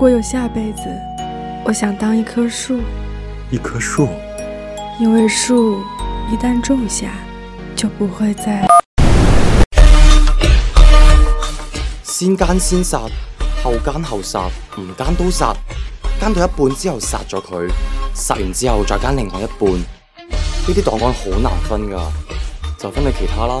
如果有下輩子，我想當一棵樹。一棵樹，因為樹一旦種下，就不會再。先奸先殺，後奸後殺，唔奸都殺，奸到一半之後殺咗佢，殺完之後再奸另外一半。呢啲檔案好難分噶，就分你其他啦。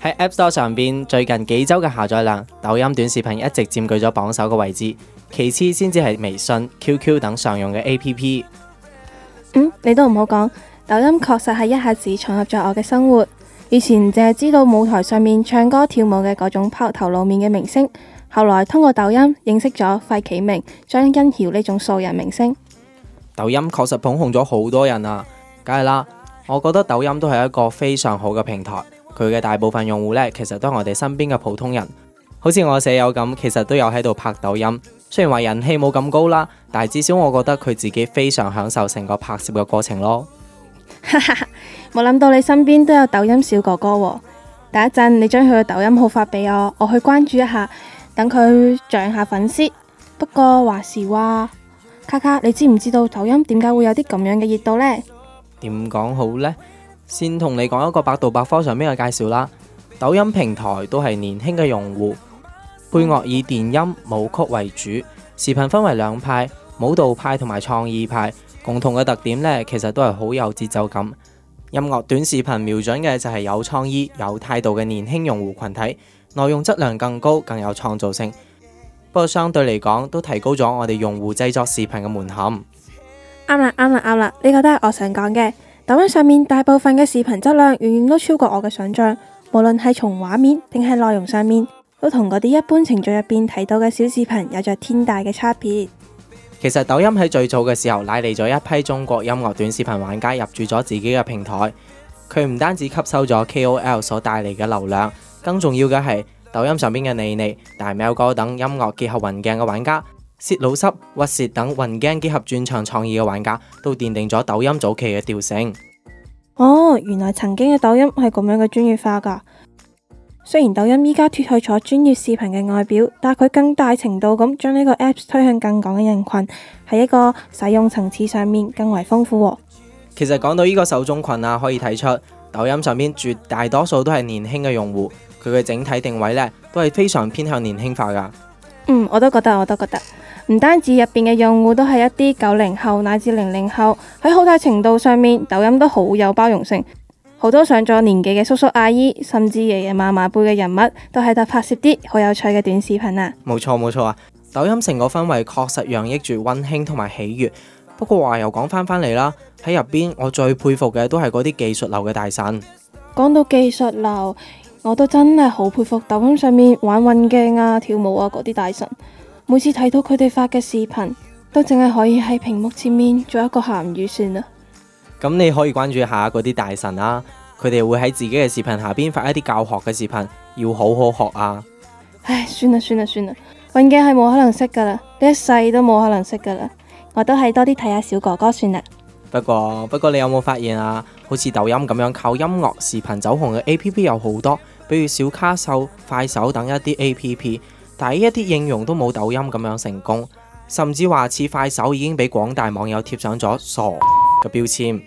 喺 App Store 上邊，最近幾周嘅下載量，抖音短視頻一直佔據咗榜首嘅位置，其次先至係微信、QQ 等常用嘅 APP。嗯，你都唔好講，抖音確實係一下子闖入咗我嘅生活。以前淨係知道舞台上面唱歌跳舞嘅嗰種拋頭露面嘅明星，後來通過抖音認識咗費啟鳴、張欣堯呢種素人明星。抖音確實捧紅咗好多人啊，梗係啦，我覺得抖音都係一個非常好嘅平台。佢嘅大部分用戶呢，其實都係我哋身邊嘅普通人，好似我舍友咁，其實都有喺度拍抖音。雖然話人氣冇咁高啦，但係至少我覺得佢自己非常享受成個拍攝嘅過程咯。哈哈，冇諗到你身邊都有抖音小哥哥啊，等一陣你將佢嘅抖音號發俾我，我去關注一下，等佢漲下粉絲。不過話時話，卡卡，你知唔知道抖音點解會有啲咁樣嘅熱度呢？點講好呢？先同你講一個百度百科上面嘅介紹啦。抖音平台都係年輕嘅用戶，配樂以電音舞曲為主，視頻分為兩派，舞蹈派同埋創意派。共同嘅特點呢，其實都係好有節奏感。音樂短視頻瞄準嘅就係有創意、有態度嘅年輕用戶群體，內容質量更高，更有創造性。不過相對嚟講，都提高咗我哋用戶製作視頻嘅門檻。啱啦，啱啦，啱啦，呢個都係我想講嘅。抖音上面大部分嘅視頻質量遠遠都超過我嘅想象，無論係從畫面定係內容上面，都同嗰啲一般程序入邊睇到嘅小視頻有着天大嘅差別。其實抖音喺最早嘅時候，拉嚟咗一批中國音樂短視頻玩家入駐咗自己嘅平台，佢唔單止吸收咗 KOL 所帶嚟嘅流量，更重要嘅係抖音上邊嘅妮妮、大喵哥等音樂結合運鏡嘅玩家。涉老濕、挖舌等混驚結合轉場創意嘅玩家，都奠定咗抖音早期嘅調性。哦，原來曾經嘅抖音係咁樣嘅專業化噶。雖然抖音依家脫去咗專業視頻嘅外表，但佢更大程度咁將呢個 apps 推向更廣嘅人群，喺一個使用層次上面更為豐富。其實講到呢個受眾群啊，可以睇出抖音上面絕大多數都係年輕嘅用戶，佢嘅整體定位呢，都係非常偏向年輕化噶。嗯，我都覺得，我都覺得。唔單止入邊嘅用戶都係一啲九零後乃至零零後，喺好大程度上面，抖音都好有包容性。好多上咗年紀嘅叔叔阿姨，甚至爺爺嫲嫲輩嘅人物，都喺度拍攝啲好有趣嘅短視頻啊！冇錯冇錯啊！抖音成個氛圍確實洋溢住溫馨同埋喜悅。不過話又講返返嚟啦，喺入邊我最佩服嘅都係嗰啲技術流嘅大神。講到技術流，我都真係好佩服抖音上面玩運鏡啊、跳舞啊嗰啲大神。每次睇到佢哋發嘅視頻，都淨係可以喺屏幕前面做一個鹹魚算啦。咁你可以關注下嗰啲大神啦，啊，佢哋會喺自己嘅視頻下邊發一啲教學嘅視頻，要好好學啊。唉，算啦算啦算啦，我已經係冇可能識噶啦，一世都冇可能識噶啦，我都係多啲睇下小哥哥算啦。不過不過，你有冇發現啊？好似抖音咁樣靠音樂視頻走紅嘅 A P P 有好多，比如小咖秀、快手等一啲 A P P。但一啲應用都冇抖音咁樣成功，甚至話似快手已經俾廣大網友貼上咗傻嘅標籤。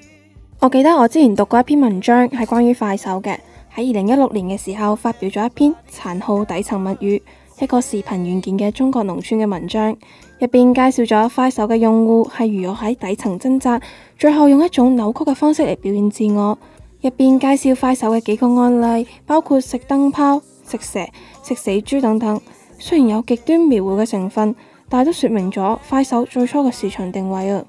我記得我之前讀過一篇文章係關於快手嘅，喺二零一六年嘅時候發表咗一篇《殘酷底層物語：一個視頻軟件嘅中國農村嘅文章》，入邊介紹咗快手嘅用戶係如何喺底層掙扎，最後用一種扭曲嘅方式嚟表現自我。入邊介紹快手嘅幾個案例，包括食燈泡、食蛇、食死豬等等。雖然有極端描繪嘅成分，但係都說明咗快手最初嘅市場定位啊。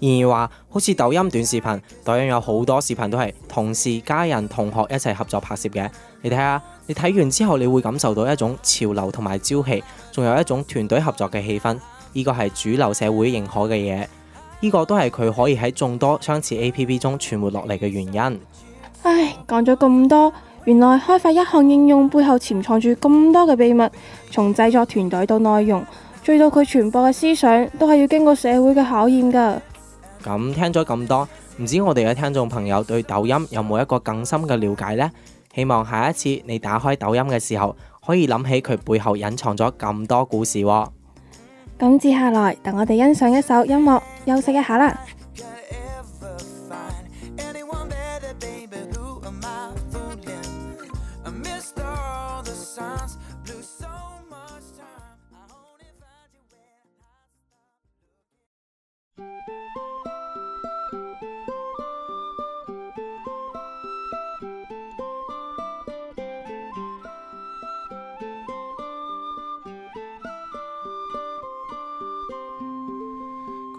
然而話，好似抖音短視頻，抖音有好多視頻都係同事、家人、同學一齊合作拍攝嘅。你睇下啊，你睇完之後你會感受到一種潮流同埋朝氣，仲有一種團隊合作嘅氣氛。呢個係主流社會認可嘅嘢，呢個都係佢可以喺眾多相似 APP 中存活落嚟嘅原因。唉，講咗咁多，原來開發一項應用背後潛藏住咁多嘅秘密。從製作團隊到內容，再到佢傳播嘅思想，都係要經過社會嘅考驗噶。咁聽咗咁多，唔知我哋嘅聽眾朋友對抖音有冇一個更深嘅了解呢？希望下一次你打開抖音嘅時候，可以諗起佢背後隱藏咗咁多故事。咁接下來，等我哋欣賞一首音樂，休息一下啦。